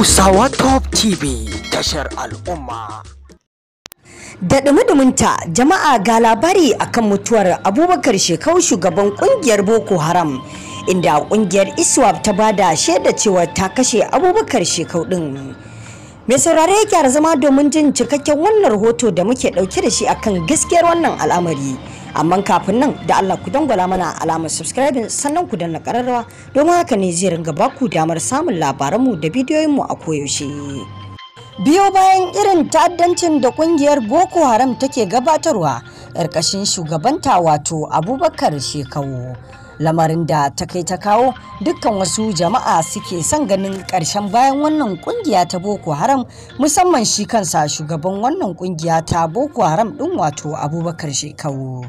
Hausawa Top TV tashar al'umma. Da dumudumunta jama'a ga labari akan mutuwar Abubakar Shekau shugaban ƙungiyar Boko Haram inda ƙungiyar ISWAP ta bada shaida cewa ta kashe Abubakar Shekau ɗin, Mai saurare ya zama domin jin cikakken wannan rahoto da muke ɗauke da shi akan gaskiyar wannan al'amari. amma kafin nan da Allah ku dangwala mana alamar subscribing sannan ku danna kararrawa domin haka ne zai ringa baku damar samun labaranmu da bidiyoyinmu a koyaushe. biyo bayan irin ta'addancin da kungiyar boko haram take gabatarwa ƙarƙashin shugabanta wato abubakar shekawo lamarin da ta kai ta kawo dukkan wasu jama'a suke son ganin ƙarshen bayan wannan kungiya ta boko haram musamman shi kansa shugaban wannan kungiya ta boko haram ɗin wato abubakar shekau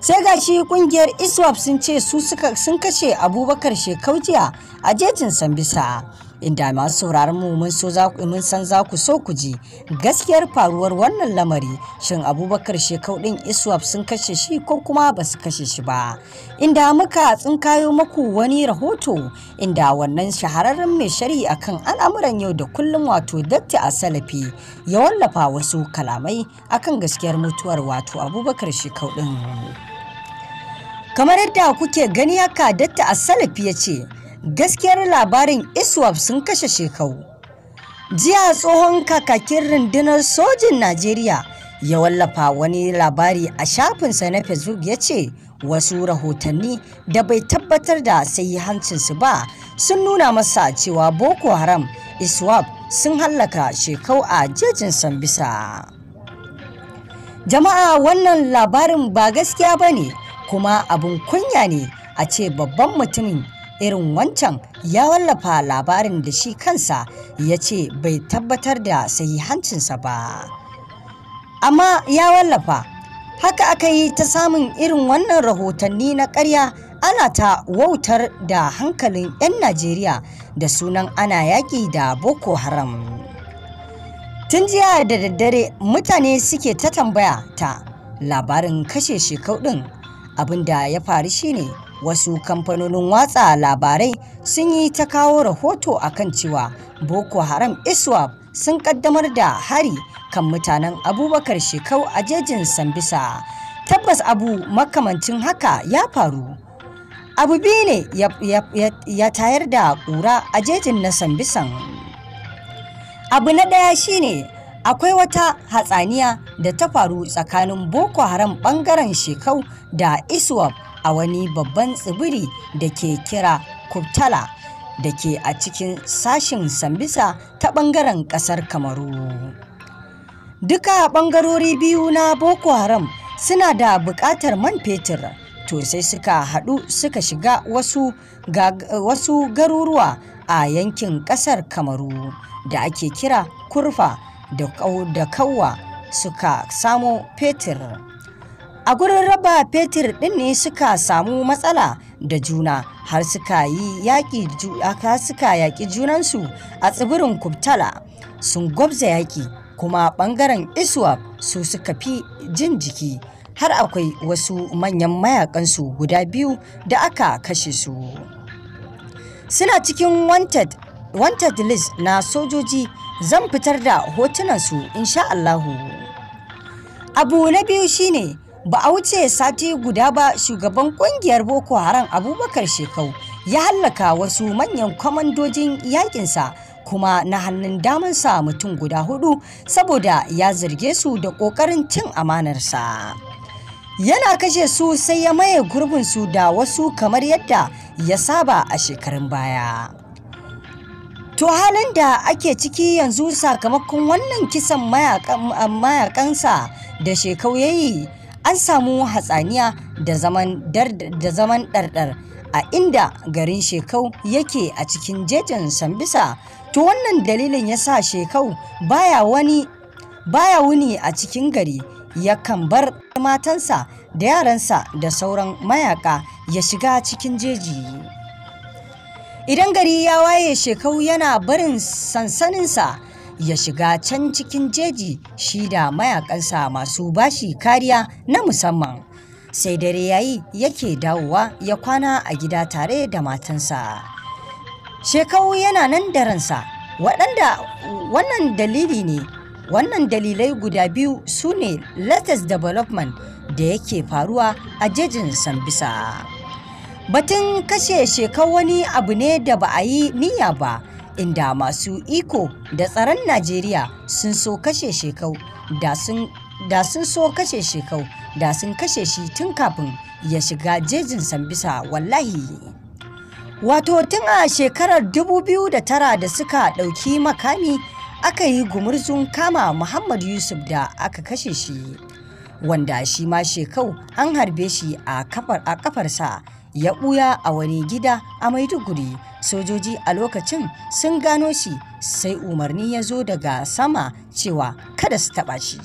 sai ga shi kungiyar iswap sun ce su sun kashe abubakar shekau jiya a jejin sambisa inda masu sauraron mu mun so mun san za ku so ku ji gaskiyar faruwar wannan lamari shin abubakar shekau din iswap sun kashe shi ko kuma ba su kashe shi ba inda muka tsinkayo maku wani rahoto inda wannan shahararren mai shari'a akan al'amuran yau da kullum wato datti a salafi ya wallafa wasu kalamai akan gaskiyar mutuwar wato abubakar shekau din kamar yadda kuke gani haka datti a salafi ya ce gaskiyar labarin iswap sun kashe shekau jiya tsohon kakakin rundunar sojin najeriya ya wallafa wani labari a shafinsa na facebook ya ce wasu rahotanni da bai tabbatar da sai su ba sun nuna masa cewa boko haram iswap sun hallaka shekau a jejin sambisa jama'a wannan labarin ba gaskiya ba ne kuma abin kunya ne a ce babban mutumin irin wancan ya wallafa labarin da shi kansa ya ce bai tabbatar da sahihancinsa ba amma ya wallafa haka aka yi ta samun irin wannan rahotanni na karya ana ta wautar da hankalin 'yan najeriya da sunan ana yaƙi da boko haram tun jiya da daddare mutane suke ta tambaya ta labarin kashe shekau ɗin abin ya faru shine wasu kamfanonin watsa labarai sun yi ta kawo rahoto a kan cewa boko haram iswap sun kaddamar da hari kan mutanen abubakar shekau a jejin sambisa tabbas abu makamancin haka ya faru abu biyu ne ya tayar da ƙura a jejin na sambisan abu na ɗaya shine akwai wata hatsaniya da ta faru tsakanin boko haram bangaren shekau da iswap a wani babban tsibiri da ke kira kubtala da ke a cikin sashin sambisa ta bangaren kasar kamaru duka bangarori biyu na boko haram suna da bukatar man fetur to sai suka haɗu suka shiga wasu, wasu garuruwa a yankin ƙasar kamaru da ake kira kurfa da kawwa suka samo fetur a gurin raba fetur ɗin ne suka samu matsala da juna har suka yi yaƙi suka yaƙi junansu a tsibirin kubtala sun gwabza yaƙi kuma ɓangaren iswap su suka fi jin jiki har akwai wasu manyan mayakansu guda biyu da aka kashe su suna cikin wanted wanted list na sojoji zan fitar da hotunansu insha Allahu. Abu na biyu shine ba a wuce sati guda ba shugaban kungiyar Boko Haram Abubakar Shekau ya hallaka wasu manyan kwamandojin yakinsa kuma na hannun damansa mutum guda hudu saboda ya zarge su da ƙoƙarin cin amanarsa. Yana kashe su sai ya maye gurbin su da wasu kamar yadda ya saba a shekarun baya. To halin da ake ciki yanzu sakamakon wannan kisan mayakansa da shekau ya an samu hatsaniya da zaman ɗarɗar a inda garin shekau yake a cikin jejin sambisa to wannan dalilin ya sa shekau baya wuni a cikin gari yakan bar matansa da yaransa da sauran mayaka ya shiga cikin jeji. idan gari ya waye shekau yana barin sansaninsa ya shiga can cikin jeji shi da mayakansa masu bashi kariya na musamman sai dare yayi yake dawowa ya kwana a gida tare da matansa shekau yana nan da ransa waɗanda wannan dalili ne wannan dalilai guda biyu su ne latest development da yake faruwa a jejin sambisa Batun kashe shekau wani abu ne da ba a yi niyya ba, inda masu iko da tsaron Najeriya sun so kashe shekau da sun so kashe shekau da sun kashe shi tun kafin ya shiga jejin sambisa wallahi. Wato tun a shekarar 2009 da suka ɗauki makami aka yi gumurzun kama Muhammad Yusuf da aka kashe shi, wanda shi ma shekau an harbe shi a kafarsa ya ɓuya a wani gida a maiduguri sojoji a lokacin sun gano shi sai umarni ya zo daga sama cewa kada su taɓa shi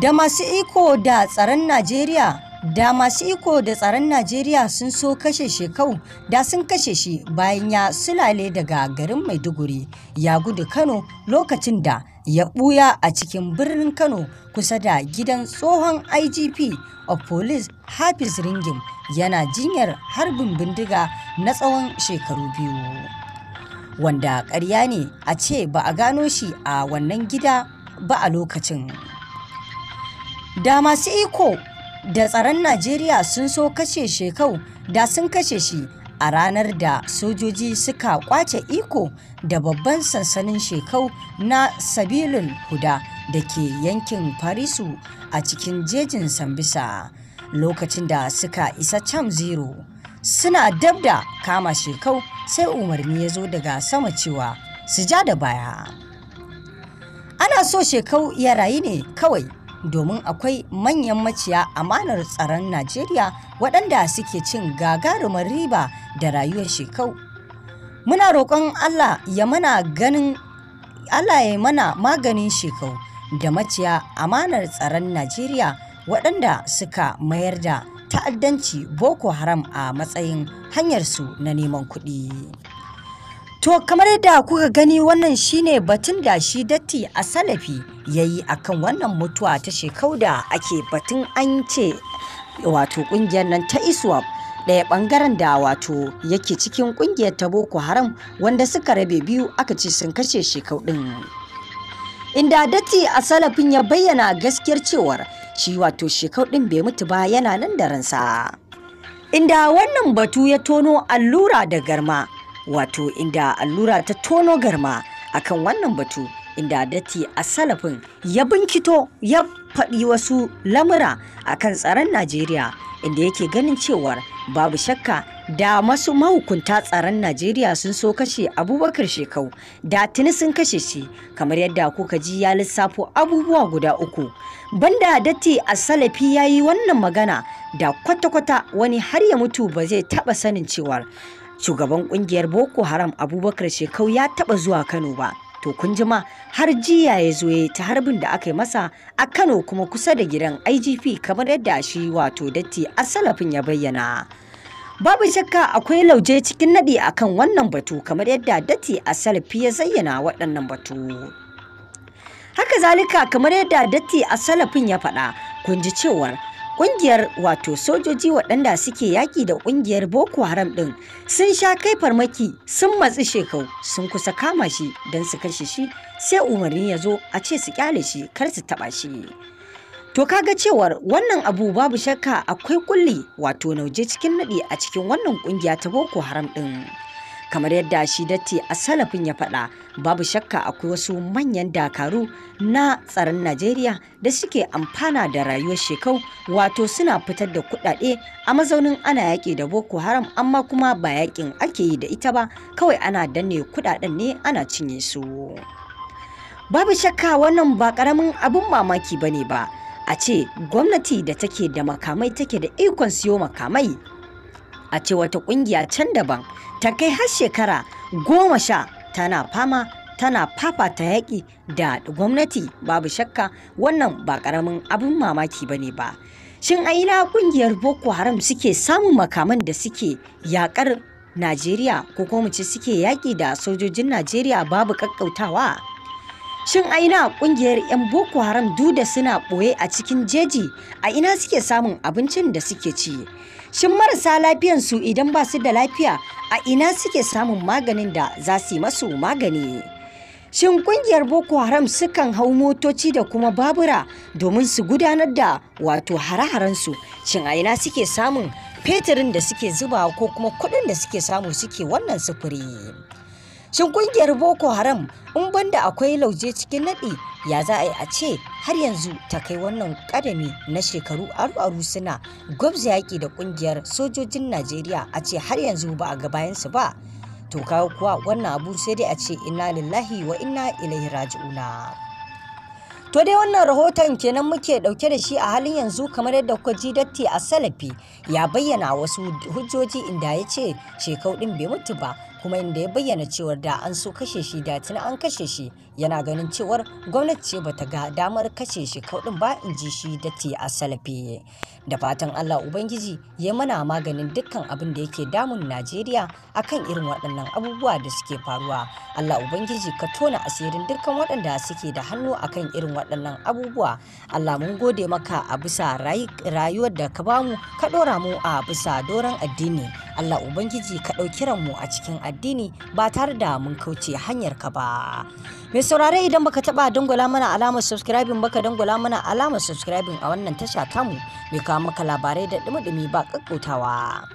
da masu iko da tsaron najeriya da masu iko da tsaron najeriya sun so kashe shekau da sun kashe shi bayan ya sulale daga garin maiduguri ya gudu kano lokacin da ya ɓuya a cikin birnin Kano kusa da gidan tsohon IGP of Police Hafiz Ringim yana jinyar harbin bindiga na tsawon shekaru biyu. Wanda karya ne a ce ba a gano shi a wannan gida ba a lokacin. Da masu iko da tsaron Najeriya sun so kashe shekau da sun kashe shi a ranar da sojoji suka kwace iko da babban sansanin shekau na sabilin huda da ke yankin farisu a cikin jejin sambisa lokacin da suka isa cam zero suna dabda kama shekau sai umarni ya zo daga sama cewa su ja da baya ana so shekau ya rayu ne kawai domin akwai manyan maciya amanar tsaron Najeriya waɗanda suke cin gagarumar riba da rayuwar shekau muna roƙon allah ya mana ganin allah ya mana maganin shekau da maciya amanar tsaron najeriya waɗanda suka mayar da ta'addanci boko haram a matsayin hanyarsu na neman kuɗi to kamar yadda kuka gani wannan shine batun da shi datti a salafi ya yi akan wannan mutuwa ta shekau da ake batun an ce wato ƙungiyar nan ta iswap ɗaya ɓangaren da wato yake cikin ƙungiyar ta boko haram wanda suka rabe biyu aka ce sun kashe shi ɗin inda datti a salafin ya bayyana gaskiyar cewar shi wato shekau ɗin bai mutu ba yana nan da ransa inda wannan batu ya tono allura da garma wato inda allura ta tono garma akan wannan batu inda datti a salafin ya binkito ya faɗi wasu lamura akan tsaron najeriya inda yake ganin cewar babu shakka da masu mahukunta tsaron najeriya sun so kashe abubakar shekau da tuni sun kashe shi kamar yadda kuka ji ya lissafo abubuwa guda uku banda datti a salafi ya yi wannan magana da kwata-kwata wani har ya mutu ba zai taba sanin cewar shugaban kungiyar boko haram abubakar shekau ya taba zuwa kano ba to kun jima har jiya ya zo ta harbin da aka yi masa a kano kuma kusa da gidan igp kamar yadda shi wato datti a salafin ya bayyana babu shakka akwai lauje cikin nadi akan wannan batu kamar yadda datti asalafi ya zayyana waɗannan batu haka zalika kamar yadda datti a salafin ya faɗa kun ji cewar Ƙungiyar wato sojoji waɗanda suke yaƙi da ƙungiyar Boko Haram ɗin sun sha kai farmaki sun matsi shekau sun kusa kama shi don su kashe shi sai umarni ya zo a ce su kyale shi kar su taɓa shi. To kaga cewar wannan abu babu shakka akwai kulli wato nauje cikin naɗi a cikin wannan ƙungiya ta Boko Haram ɗin. kamar yadda shi datti a salafin ya faɗa babu shakka akwai wasu manyan dakaru na tsaron najeriya da suke amfana da rayuwar shekau wato suna fitar da kuɗaɗe a mazaunin ana yaƙi da boko haram amma kuma ba yaƙin ake yi da ita ba kawai ana danne kuɗaɗen ne ana cinye su babu shakka wannan ba ƙaramin abin mamaki ba ne ba a ce gwamnati da take da makamai take da ikon siyo makamai a ce wata kungiya can daban ta kai har shekara goma sha tana fama tana fafata yaƙi da gwamnati babu shakka wannan ba ƙaramin abin mamaki ba ne ba shin a ina ƙungiyar boko haram suke samun makaman da suke yaƙar najeriya ko kuma ce suke yaƙi da sojojin najeriya babu ƙaƙƙautawa Shin a ina kungiyar 'yan Boko Haram duda suna ɓoye a cikin jeji a ina suke samun abincin da suke ci? Shin marasa lafiyan su idan ba su da lafiya a ina suke samun maganin da za su yi masu magani? Shin kungiyar Boko Haram sukan hau motoci da kuma babura domin su gudanar da wato hare-harensu? Shin a ina suke samun fetirin da suke zubawa ko kuma kuɗin da suke samu suke wannan sufuri? Shin kungiyar Boko Haram in banda akwai lauje cikin naɗi ya za a yi a ce har yanzu ta kai wannan kadami na shekaru aru-aru suna gwabza yaƙi da kungiyar sojojin Najeriya a ce har yanzu ba a ga bayansu ba. To kawo kuwa wannan abu sai dai a ce ina lillahi wa ina ilaihi raji'una. To dai wannan rahoton kenan muke dauke da shi a halin yanzu kamar yadda kuka ji datti a salafi ya bayyana wasu hujjoji inda ya ce shekau din bai mutu ba kuma inda ya bayyana cewar da an so kashe shi da tuni an kashe shi yana ganin cewar gwamnati ce bata ga damar kashe shi kaudin ba in ji shi da ti a salafi da fatan allah ubangiji ya mana maganin dukkan abin da yake damun najeriya akan irin waɗannan abubuwa da suke faruwa allah ubangiji ka tona asirin dukkan waɗanda suke da hannu akan irin waɗannan abubuwa allah mun gode maka a bisa rayuwar da ka bamu ka ɗora mu a bisa doron addini Allah Ubangiji ka ɗauki ranmu a cikin addini ba tare da mun kauce hanyar ka ba. Mai saurare idan baka taɓa dangwala mana alamar subscribing baka dangwala mana alamar subscribing a wannan tasha tamu mai kawo maka labarai da ɗumi-ɗumi ba ƙaƙƙautawa.